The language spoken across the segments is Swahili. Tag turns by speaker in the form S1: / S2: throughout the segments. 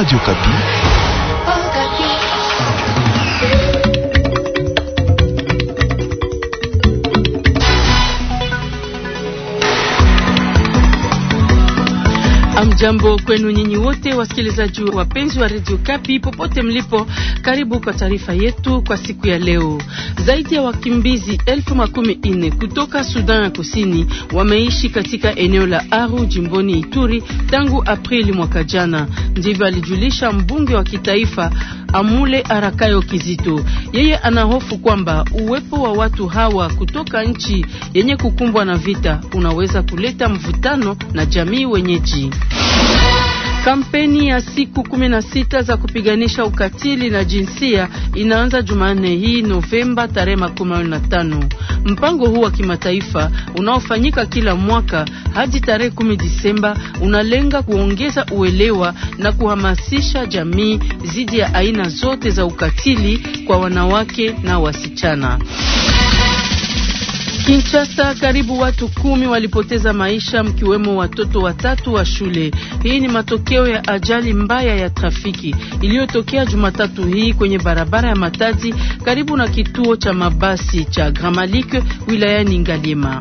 S1: Radio Kapi.
S2: Jambo kwenu nyinyi wote wasikilizaji wapenzi wa Radio Kapi popote mlipo, karibu kwa taarifa yetu kwa siku ya leo. Zaidi ya wakimbizi elfu makumi nne kutoka Sudan ya Kusini wameishi katika eneo la Aru jimboni Ituri tangu Aprili mwaka jana, ndivyo alijulisha mbunge wa kitaifa Amule Arakayo Kizito. Yeye anahofu kwamba uwepo wa watu hawa kutoka nchi yenye kukumbwa na vita unaweza kuleta mvutano na jamii wenyeji. Kampeni ya siku 16 za kupiganisha ukatili na jinsia inaanza Jumanne hii Novemba tarehe 15. Mpango huu wa kimataifa unaofanyika kila mwaka hadi tarehe 10 Disemba unalenga kuongeza uelewa na kuhamasisha jamii dhidi ya aina zote za ukatili kwa wanawake na wasichana. Kinshasa, karibu watu kumi walipoteza maisha mkiwemo watoto watatu wa shule. Hii ni matokeo ya ajali mbaya ya trafiki iliyotokea Jumatatu hii kwenye barabara ya Matadi karibu na kituo cha mabasi cha Gramalike wilayani Ngaliema.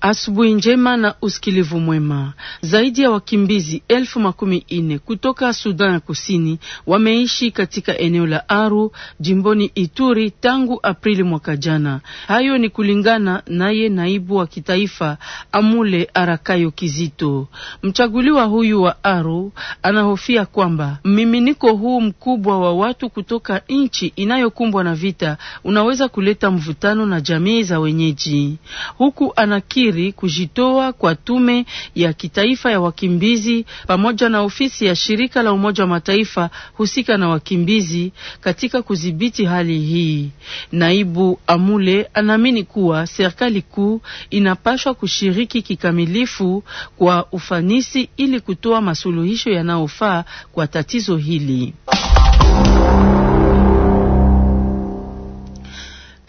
S2: Asubuhi njema na usikilivu mwema. Zaidi ya wakimbizi elfu makumi ine kutoka Sudan ya Kusini wameishi katika eneo la Aru jimboni Ituri tangu Aprili mwaka jana. Hayo ni kulingana naye naibu wa kitaifa Amule Arakayo Kizito. Mchaguliwa huyu wa Aru anahofia kwamba mmiminiko huu mkubwa wa watu kutoka nchi inayokumbwa na vita unaweza kuleta mvutano na jamii za wenyeji, huku anakiri kusubiri kujitoa kwa tume ya kitaifa ya wakimbizi pamoja na ofisi ya shirika la Umoja wa Mataifa husika na wakimbizi katika kudhibiti hali hii. Naibu Amule anaamini kuwa serikali kuu inapaswa kushiriki kikamilifu kwa ufanisi ili kutoa masuluhisho yanayofaa kwa tatizo hili.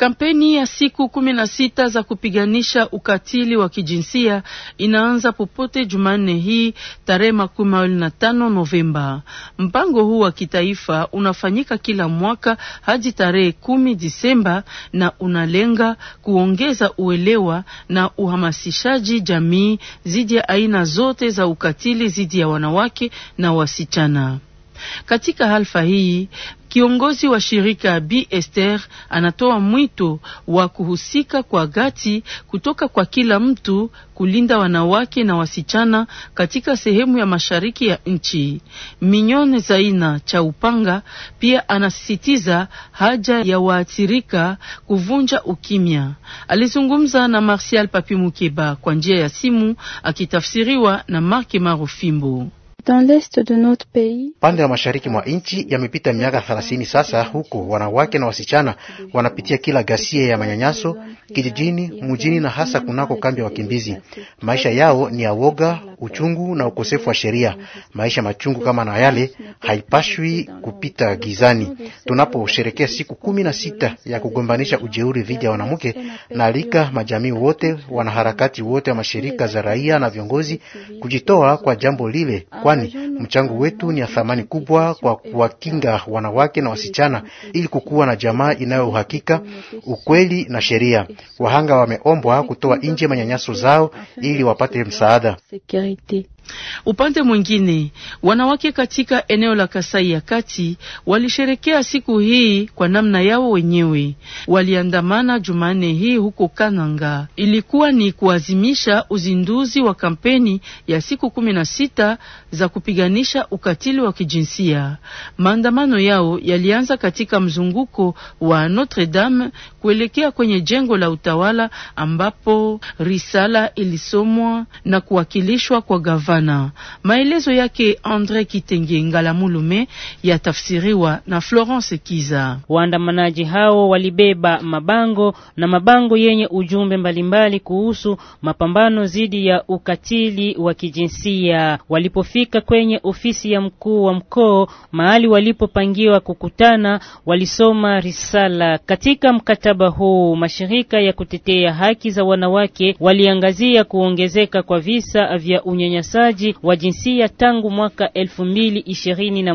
S2: Kampeni ya siku kumi na sita za kupiganisha ukatili wa kijinsia inaanza popote Jumanne hii tarehe makumi mawili na tano Novemba. Mpango huu wa kitaifa unafanyika kila mwaka hadi tarehe kumi Disemba na unalenga kuongeza uelewa na uhamasishaji jamii dhidi ya aina zote za ukatili dhidi ya wanawake na wasichana. Katika halfa hii Kiongozi wa shirika B Esther anatoa mwito wa kuhusika kwa gati kutoka kwa kila mtu kulinda wanawake na wasichana katika sehemu ya mashariki ya nchi. Minyone Zaina cha Upanga pia anasisitiza haja ya waathirika kuvunja ukimya. Alizungumza na Martial Papi Mukeba kwa njia ya simu akitafsiriwa na Marke Marufimbo
S3: pande ya mashariki mwa nchi yamepita miaka thelathini sasa, huko wanawake na wasichana wanapitia kila ghasia ya manyanyaso kijijini, mjini na hasa kunako kambi ya wakimbizi. Maisha yao ni ya woga, uchungu na ukosefu wa sheria. Maisha machungu kama na yale haipashwi kupita gizani. Tunaposherekea siku kumi na sita ya kugombanisha ujeuri dhidi ya wanamke, na alika majamii wote, wanaharakati wote wa mashirika za raia na viongozi kujitoa kwa jambo lile kwa kwani mchango wetu ni ya thamani kubwa kwa kuwakinga wanawake na wasichana ili kukuwa na jamaa inayohakika ukweli na sheria. Wahanga wameombwa kutoa nje manyanyaso zao ili wapate msaada.
S2: Upande mwingine, wanawake katika eneo la Kasai ya Kati walisherekea siku hii kwa namna yao wenyewe. Waliandamana Jumanne hii huko Kananga. Ilikuwa ni kuazimisha uzinduzi wa kampeni ya siku kumi na sita za kupiganisha ukatili wa kijinsia. Maandamano yao yalianza katika mzunguko wa Notre Dame kuelekea kwenye jengo la utawala ambapo risala ilisomwa na kuwakilishwa kwa gavana Fana. Maelezo yake Andre Kitenge Ngala Mulume yatafsiriwa na Florence Kiza. Waandamanaji hao walibeba mabango na mabango yenye ujumbe mbalimbali
S4: kuhusu mapambano dhidi ya ukatili wa kijinsia. Walipofika kwenye ofisi ya mkuu wa mkoa mahali walipopangiwa kukutana, walisoma risala. Katika mkataba huu, mashirika ya kutetea haki za wanawake waliangazia kuongezeka kwa visa vya unyanyasaji wachezaji wa jinsia tangu mwaka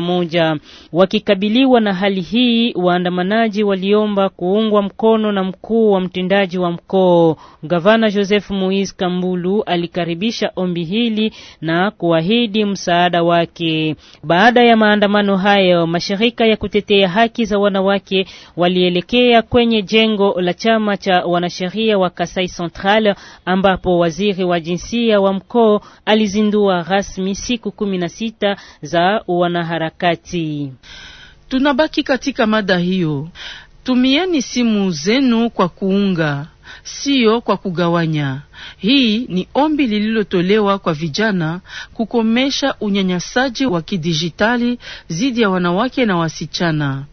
S4: moja. Wakikabiliwa na hali hii, waandamanaji waliomba kuungwa mkono na mkuu wa mtendaji wa mkoo Gavana Joseph Moise Kambulu alikaribisha ombi hili na kuahidi msaada wake. Baada ya maandamano hayo, mashirika ya kutetea haki za wanawake walielekea kwenye jengo la chama cha wanasheria wa Kasai Central ambapo waziri wa jinsia wa mkoo alizindua kuzindua rasmi siku kumi
S2: na sita za wanaharakati. Tunabaki katika mada hiyo. Tumieni simu zenu kwa kuunga, sio kwa kugawanya. Hii ni ombi lililotolewa kwa vijana kukomesha unyanyasaji wa kidijitali dhidi ya wanawake na wasichana.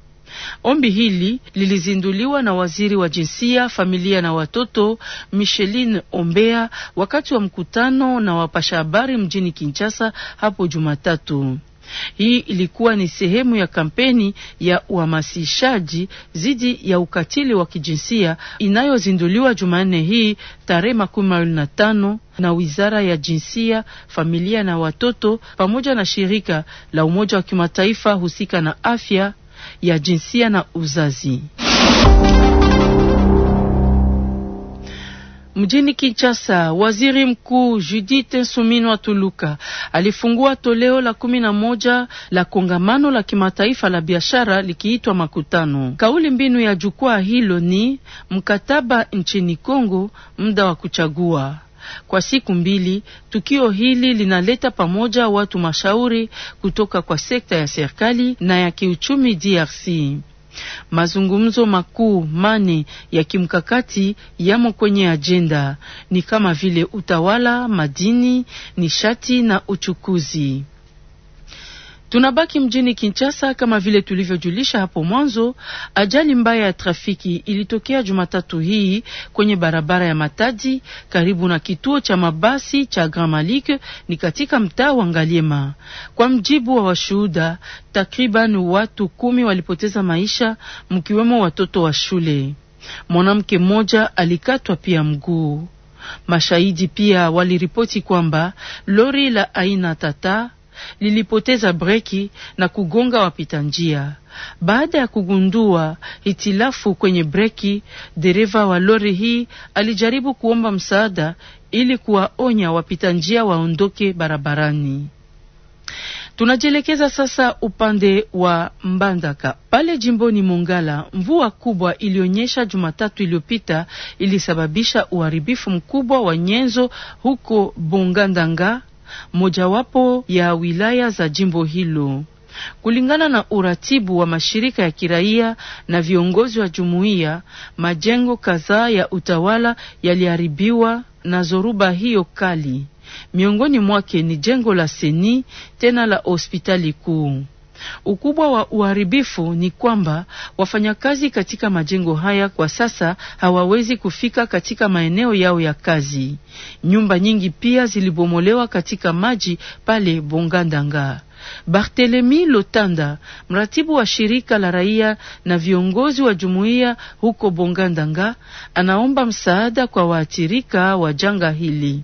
S2: Ombi hili lilizinduliwa na waziri wa jinsia, familia na watoto Micheline Ombea wakati wa mkutano na wapasha habari mjini Kinshasa hapo Jumatatu. Hii ilikuwa ni sehemu ya kampeni ya uhamasishaji dhidi ya ukatili wa kijinsia inayozinduliwa Jumanne hii tarehe makumi mawili na tano na Wizara ya Jinsia, Familia na Watoto pamoja na shirika la Umoja wa Kimataifa husika na afya ya jinsia na uzazi. Mjini Kinshasa, waziri mkuu Judith Suminwa Tuluka alifungua toleo la kumi na moja la kongamano la kimataifa la biashara likiitwa Makutano. Kauli mbinu ya jukwaa hilo ni mkataba nchini Kongo, muda wa kuchagua. Kwa siku mbili, tukio hili linaleta pamoja watu mashauri kutoka kwa sekta ya serikali na ya kiuchumi DRC. Mazungumzo makuu mane ya kimkakati yamo kwenye ajenda, ni kama vile utawala, madini, nishati na uchukuzi. Tunabaki mjini Kinshasa kama vile tulivyojulisha hapo mwanzo. Ajali mbaya ya trafiki ilitokea Jumatatu hii kwenye barabara ya Matadi karibu na kituo cha mabasi cha Grand Malik ni katika mtaa wa Ngaliema. Kwa mjibu wa washuhuda, takriban watu kumi walipoteza maisha mkiwemo watoto wa shule. Mwanamke mmoja alikatwa pia mguu. Mashahidi pia waliripoti kwamba lori la aina tata lilipoteza breki na kugonga wapita njia. Baada ya kugundua hitilafu kwenye breki, dereva wa lori hii alijaribu kuomba msaada ili kuwaonya wapita njia waondoke barabarani. Tunajielekeza sasa upande wa Mbandaka pale jimboni Mongala. Mvua kubwa iliyonyesha Jumatatu iliyopita ilisababisha uharibifu mkubwa wa nyenzo huko Bongandanga mojawapo ya wilaya za jimbo hilo. Kulingana na uratibu wa mashirika ya kiraia na viongozi wa jumuiya, majengo kadhaa ya utawala yaliharibiwa na zoruba hiyo kali. Miongoni mwake ni jengo la Seni tena la hospitali kuu. Ukubwa wa uharibifu ni kwamba wafanyakazi katika majengo haya kwa sasa hawawezi kufika katika maeneo yao ya kazi. Nyumba nyingi pia zilibomolewa katika maji pale Bongandanga. Barthelemy Lotanda, mratibu wa shirika la raia na viongozi wa jumuiya huko Bongandanga, anaomba msaada kwa waathirika wa janga hili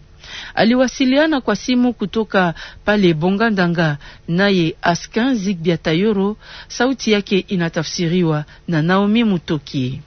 S2: aliwasiliana kwa simu kutoka pale Bongandanga. Naye Askan Zigbia Tayoro, sauti yake inatafsiriwa na Naomi Mutoki.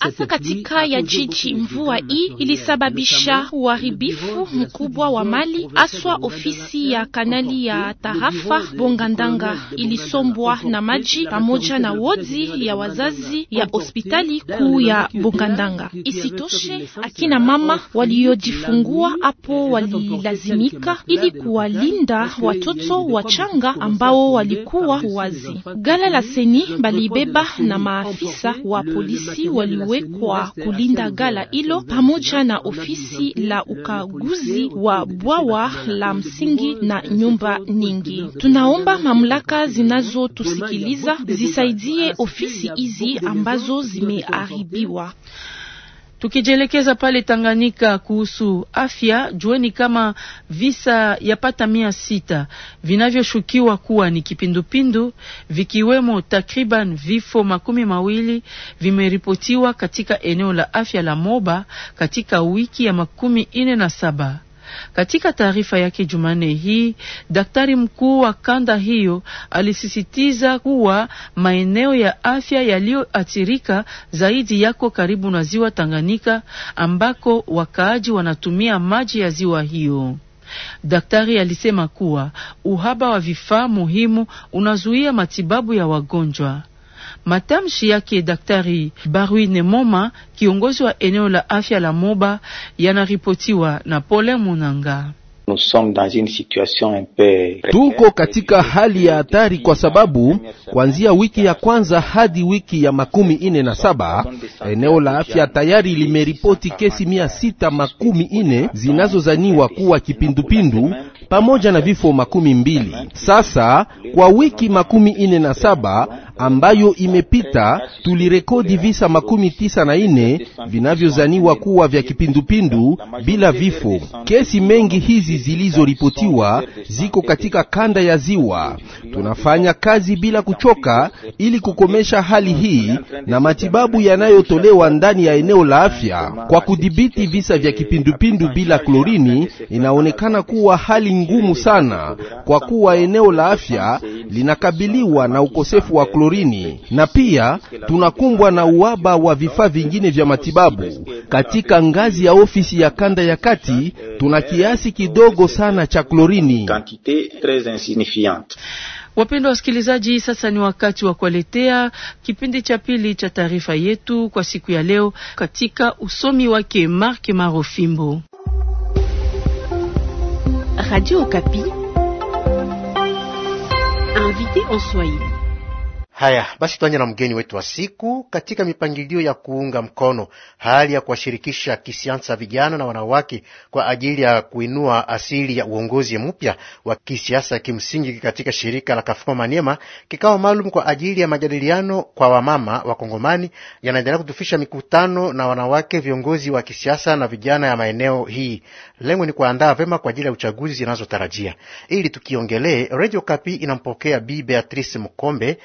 S2: Hasa katika ya jiji, mvua
S4: hii ilisababisha uharibifu mkubwa wa mali, haswa ofisi ya kanali ya tarafa Bongandanga ilisombwa na maji pamoja na wodi ya wazazi ya hospitali kuu ya Bongandanga. Isitoshe, akina mama waliojifungua hapo walilazimika ili kuwalinda watoto wachanga ambao walikuwa wazi. Gala la seni balibeba na maafi maafisa wa polisi waliwekwa kulinda gala hilo pamoja na ofisi la ukaguzi wa bwawa la msingi na nyumba nyingi. Tunaomba mamlaka zinazotusikiliza zisaidie
S2: ofisi hizi ambazo zimeharibiwa. Tukijielekeza pale Tanganyika kuhusu afya, jueni kama visa ya pata mia sita vinavyoshukiwa kuwa ni kipindupindu vikiwemo takriban vifo makumi mawili vimeripotiwa katika eneo la afya la Moba katika wiki ya makumi ine na saba. Katika taarifa yake Jumanne hii, daktari mkuu wa kanda hiyo alisisitiza kuwa maeneo ya afya yaliyoathirika zaidi yako karibu na ziwa Tanganyika ambako wakaaji wanatumia maji ya ziwa hiyo. Daktari alisema kuwa uhaba wa vifaa muhimu unazuia matibabu ya wagonjwa. Matamshi yake Daktari Barwine Moma, kiongozi wa eneo la afya la Moba, yanaripotiwa na Pole Munanga.
S1: Tuko katika hali ya hatari kwa sababu kuanzia wiki ya kwanza hadi wiki ya makumi ine na saba eneo la afya tayari limeripoti kesi mia sita makumi ine zinazozaniwa kuwa kipindupindu pamoja na vifo makumi mbili. Sasa kwa wiki makumi ine na saba ambayo imepita tulirekodi visa makumi tisa na ine vinavyozaniwa kuwa vya kipindupindu bila vifo. Kesi mengi hizi zilizoripotiwa ziko katika kanda ya Ziwa. Tunafanya kazi bila kuchoka ili kukomesha hali hii na matibabu yanayotolewa ndani ya eneo la afya kwa kudhibiti visa vya kipindupindu bila klorini. Inaonekana kuwa hali ngumu sana, kwa kuwa eneo la afya linakabiliwa na ukosefu wa klorini porini, na pia tunakumbwa na uhaba wa vifaa vingine vya matibabu katika ngazi ya ofisi ya kanda ya kati. Tuna kiasi kidogo sana cha klorini.
S2: Wapendwa wasikilizaji, sasa ni wakati wa kuwaletea kipindi cha pili cha taarifa yetu kwa siku ya leo, katika usomi wake Mark Marofimbo, Radio Okapi.
S3: Invité en Swahili. Haya basi, tuanje na mgeni wetu wa siku katika mipangilio ya kuunga mkono hali ya kuwashirikisha kisiasa vijana na wanawake kwa ajili ya kuinua asili ya uongozi mpya wa kisiasa kimsingi katika shirika la Kafuma Maniema. Kikao maalum kwa ajili ya majadiliano kwa wamama wa Kongomani yanaendelea kutufisha mikutano na wanawake viongozi wa kisiasa na vijana ya maeneo hii. Lengo ni kuandaa vema kwa ajili ya uchaguzi zinazotarajia. Ili tukiongelee, Radio Kapi inampokea Bi Beatrice Mkombe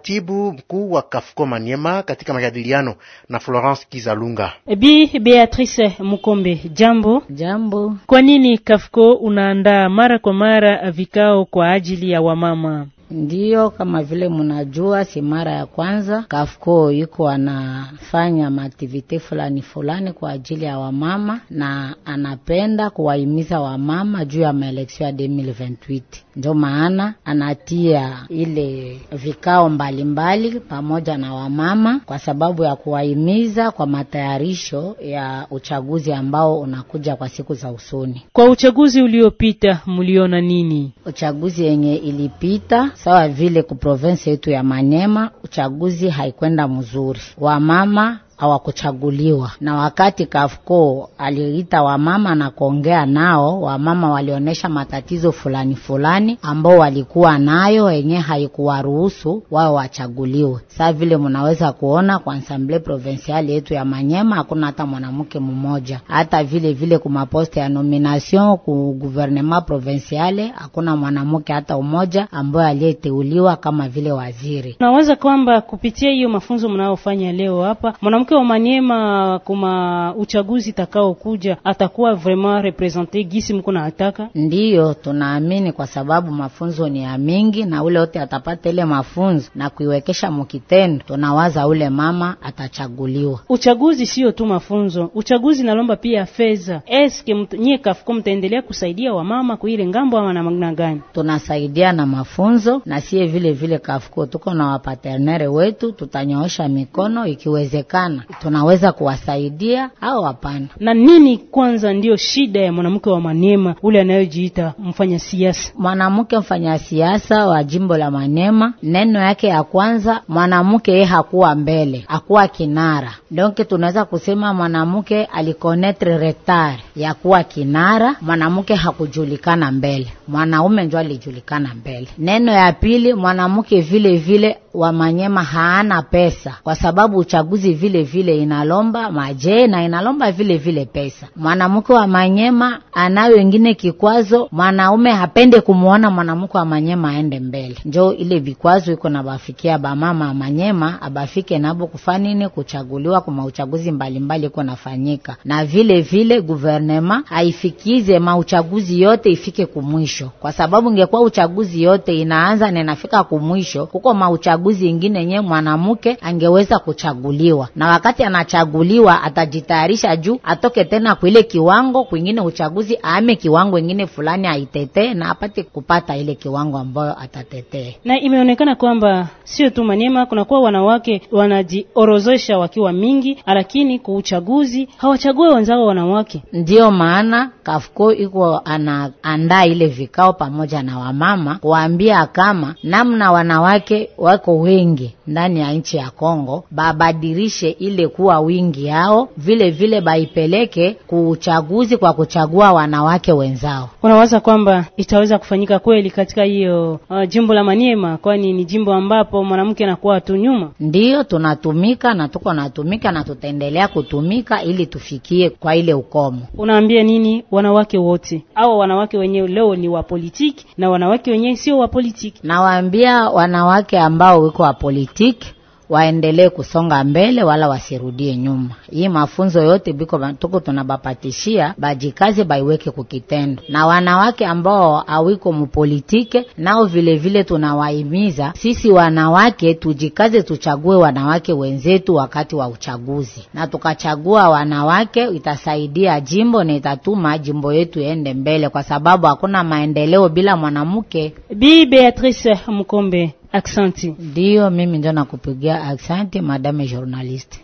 S3: katibu mkuu wa Kafuko Maniema katika majadiliano na Florence Kizalunga.
S4: Eh, bi Beatrice Mukombe, jambo.
S5: Jambo.
S4: Kwa nini Kafuko unaandaa mara kwa mara
S5: vikao kwa ajili ya wamama? Ndiyo, kama vile mnajua si mara ya kwanza Kafuko yuko anafanya maaktivite fulani fulani kwa ajili ya wamama, na anapenda kuwahimiza wamama juu ya maeleksio ya 2028 ndio maana anatia ile vikao mbalimbali mbali, pamoja na wamama kwa sababu ya kuwahimiza kwa matayarisho ya uchaguzi ambao unakuja kwa siku za usoni. Kwa uchaguzi uliopita mliona nini? Uchaguzi yenye ilipita sawa vile kuprovensi yetu ya Manyema uchaguzi haikwenda mzuri, wamama hawakuchaguliwa. Na wakati Kafuko aliita wamama na kuongea nao, wamama walionyesha matatizo fulani fulani ambao walikuwa nayo yenye haikuwaruhusu wao wachaguliwe. Saa vile mnaweza kuona kwa asamble Provinciale yetu ya Manyema hakuna hata mwanamke mmoja, hata vile vile kumaposte ya nomination ku gouvernement provinciale hakuna mwanamke hata umoja ambaye aliyeteuliwa kama vile waziri.
S4: Naweza kwamba kupitia hiyo mafunzo mnayofanya leo hapa mwanamke mwanamke wa Manyema kuma uchaguzi
S5: takao kuja atakuwa
S4: vraiment represente gisi mko na ataka. Ndiyo
S5: tunaamini kwa sababu mafunzo ni ya mingi, na ule wote atapata ile mafunzo na kuiwekesha mukitendo, tunawaza ule mama atachaguliwa.
S4: Uchaguzi sio
S5: tu mafunzo, uchaguzi nalomba pia fedha. Eske nyie kafuko mtaendelea kusaidia wamama kwa ile ngambo ama namna gani? Tunasaidia na mafunzo na sie vile vile kafuko tuko na wapaternere wetu, tutanyoosha mikono ikiwezekana sana, tunaweza kuwasaidia au hapana? Na nini kwanza ndiyo shida ya mwanamke wa manema ule anayojiita mfanya siasa? Mwanamke mfanya siasa wa jimbo la manema neno yake ya kwanza, mwanamke yeye hakuwa mbele, hakuwa kinara. donke tunaweza kusema mwanamke alikonetre retard ya kuwa kinara, mwanamke hakujulikana mbele, mwanaume ndio alijulikana mbele. Neno ya pili, mwanamke vile vile wa Manyema haana pesa, kwa sababu uchaguzi vile vile inalomba maje na inalomba vile vile pesa. Mwanamke wa Manyema anayo ingine kikwazo, mwanaume hapende kumuona mwanamke wa Manyema aende mbele, njo ile vikwazo iko na bafikia bamama wa Manyema abafike nabo kufanini kuchaguliwa kwa mauchaguzi mbalimbali iko nafanyika, na vile vile guvernema haifikize mauchaguzi yote ifike kumwisho, kwa sababu ingekuwa uchaguzi yote inaanza na inafika kumwisho, huko mauchaguzi ingine nye mwanamke angeweza kuchaguliwa na wakati anachaguliwa atajitayarisha juu atoke tena kuile kiwango kwingine uchaguzi, aame kiwango ingine fulani aitetee na apate kupata ile kiwango ambayo atatetee. Na imeonekana kwamba sio tu Manyema, kunakuwa
S4: wanawake wanajiorozesha wakiwa mingi, lakini kwa uchaguzi hawachague wenzao
S5: wanawake. Ndiyo maana Kafuko iko anaandaa ile vikao pamoja na wamama kuambia kama namna wanawake wako wengi ndani ya nchi ya Kongo babadirishe ile kuwa wingi yao, vile vile baipeleke kuchaguzi kwa kuchagua wanawake wenzao.
S4: Unawaza kwamba itaweza kufanyika kweli katika hiyo uh, jimbo la Maniema? Kwani ni jimbo ambapo mwanamke anakuwa tu nyuma.
S5: Ndiyo tunatumika na tuko natumika na tutaendelea kutumika ili tufikie kwa ile ukomo.
S4: Unaambia nini wanawake wote au wanawake wenyewe leo ni wa politiki na wanawake wenyewe sio wa politiki?
S5: Nawaambia wanawake ambao wiko wa politiki waendelee kusonga mbele wala wasirudie nyuma. Hii mafunzo yote biko tuko tunabapatishia bajikaze baiweke kukitendo, na wanawake ambao awiko mupolitike nao vilevile vile tunawaimiza sisi wanawake tujikaze, tuchague wanawake wenzetu wakati wa uchaguzi, na tukachagua wanawake itasaidia jimbo na itatuma jimbo yetu yende mbele, kwa sababu hakuna maendeleo bila mwanamke. Bi Beatrice Mkombe Aksanti. Ndio, mimi ndio nakupigia aksanti, madame journaliste.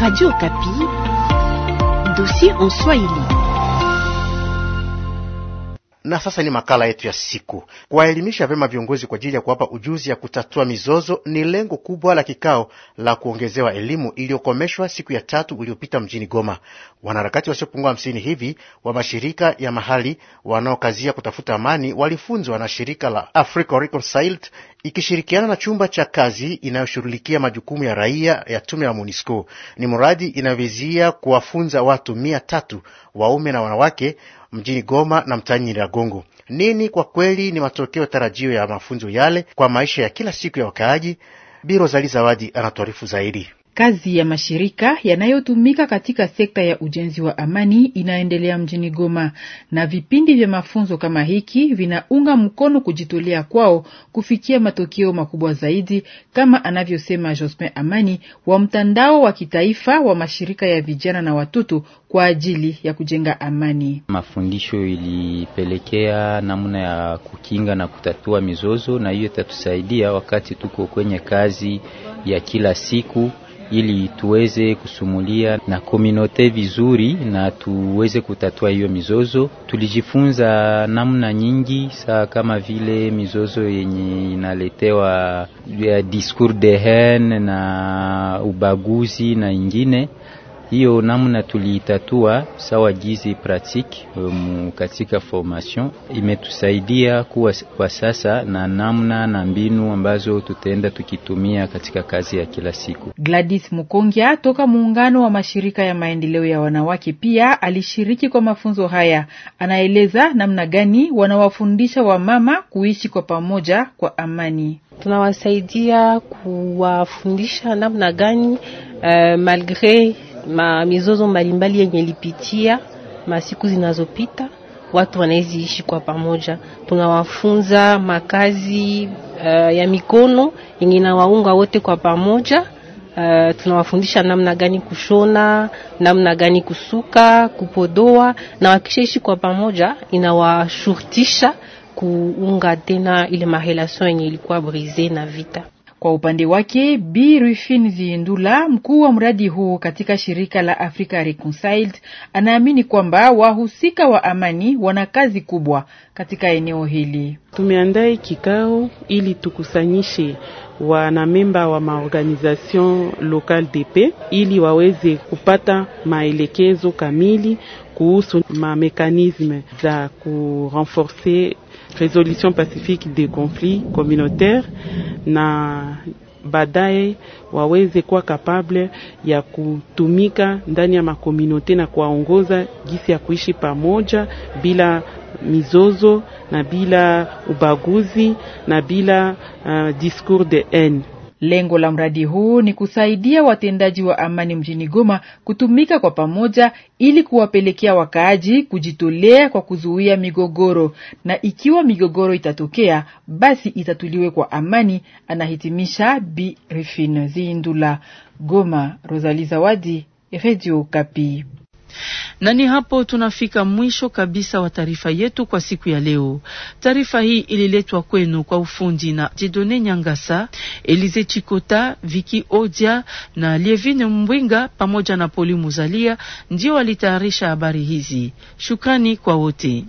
S5: Radio Kapi, dossier en Swahili.
S3: Na sasa ni makala yetu ya siku. Kuwaelimisha vyema viongozi kwa ajili ya kuwapa ujuzi ya kutatua mizozo ni lengo kubwa la kikao la kuongezewa elimu iliyokomeshwa siku ya tatu uliopita mjini Goma. Wanaharakati wasiopungua hamsini hivi wa mashirika ya mahali wanaokazia kutafuta amani walifunzwa na shirika la Africa Reconciled ikishirikiana na chumba cha kazi inayoshughulikia majukumu ya raia ya tume ya MONUSCO. Ni mradi inayovizia kuwafunza watu mia tatu waume na wanawake mjini Goma na mtaani Nyiragongo. Nini kwa kweli ni matokeo tarajio ya mafunzo yale kwa maisha ya kila siku ya wakaaji? biro Rozali Zawadi anatuarifu zaidi. Kazi ya
S6: mashirika yanayotumika katika sekta ya ujenzi wa amani inaendelea mjini Goma na vipindi vya mafunzo kama hiki vinaunga mkono kujitolea kwao kufikia matokeo makubwa zaidi, kama anavyosema Jospin Amani wa mtandao wa kitaifa wa mashirika ya vijana na watoto kwa ajili ya kujenga amani. Mafundisho ilipelekea namna ya kukinga na kutatua mizozo, na hiyo itatusaidia wakati tuko kwenye kazi ya kila siku ili tuweze kusumulia na kominote vizuri na tuweze kutatua hiyo mizozo. Tulijifunza namna nyingi, saa kama vile mizozo yenye inaletewa ya eh, discours de haine na ubaguzi na ingine hiyo namna tuliitatua sawa jizi pratique um, katika formation imetusaidia kuwa kwa sasa na namna na mbinu ambazo tutaenda tukitumia katika kazi ya kila siku. Gladys Mukongia toka muungano wa mashirika ya maendeleo ya wanawake pia alishiriki kwa mafunzo haya. Anaeleza namna gani wanawafundisha wamama kuishi kwa pamoja kwa amani. Tunawasaidia kuwafundisha namna gani uh, malgre ma mizozo mbalimbali yenye lipitia masiku zinazopita watu wanaweza ishi kwa pamoja. Tunawafunza makazi uh, ya mikono yenye nawaunga wote kwa pamoja. Uh, tunawafundisha namna gani kushona, namna gani kusuka, kupodoa, na wakishaishi kwa pamoja inawashurutisha kuunga tena ile marelasyon yenye ilikuwa brise na vita. Kwa upande wake Bi Rufin Ziendula, mkuu wa mradi huu katika shirika la Africa Reconciled, anaamini kwamba wahusika wa amani wana kazi kubwa katika eneo hili. Tumeandaa kikao ili
S2: tukusanyishe wanamemba wa maorganisation local de ili waweze kupata maelekezo kamili kuhusu mamekanisme za kurenforce resolution pacifique des conflits communautaire na baadaye waweze kuwa kapable ya kutumika ndani ya makomunote na kuwaongoza jinsi ya kuishi pamoja
S6: bila mizozo na bila ubaguzi na bila uh, discours de haine. Lengo la mradi huu ni kusaidia watendaji wa amani mjini Goma kutumika kwa pamoja ili kuwapelekea wakaaji kujitolea kwa kuzuia migogoro, na ikiwa migogoro itatokea basi itatuliwe kwa amani, anahitimisha Bi Rifin Zindula. Goma, Rosali Zawadi, Radio Kapi. Na ni hapo tunafika mwisho
S2: kabisa wa taarifa yetu kwa siku ya leo. Taarifa hii ililetwa kwenu kwa ufundi na Jedone Nyangasa, Elize Chikota, Viki Odia na Lievine Mbwinga pamoja na Poli Muzalia ndio walitayarisha habari hizi. Shukrani kwa wote.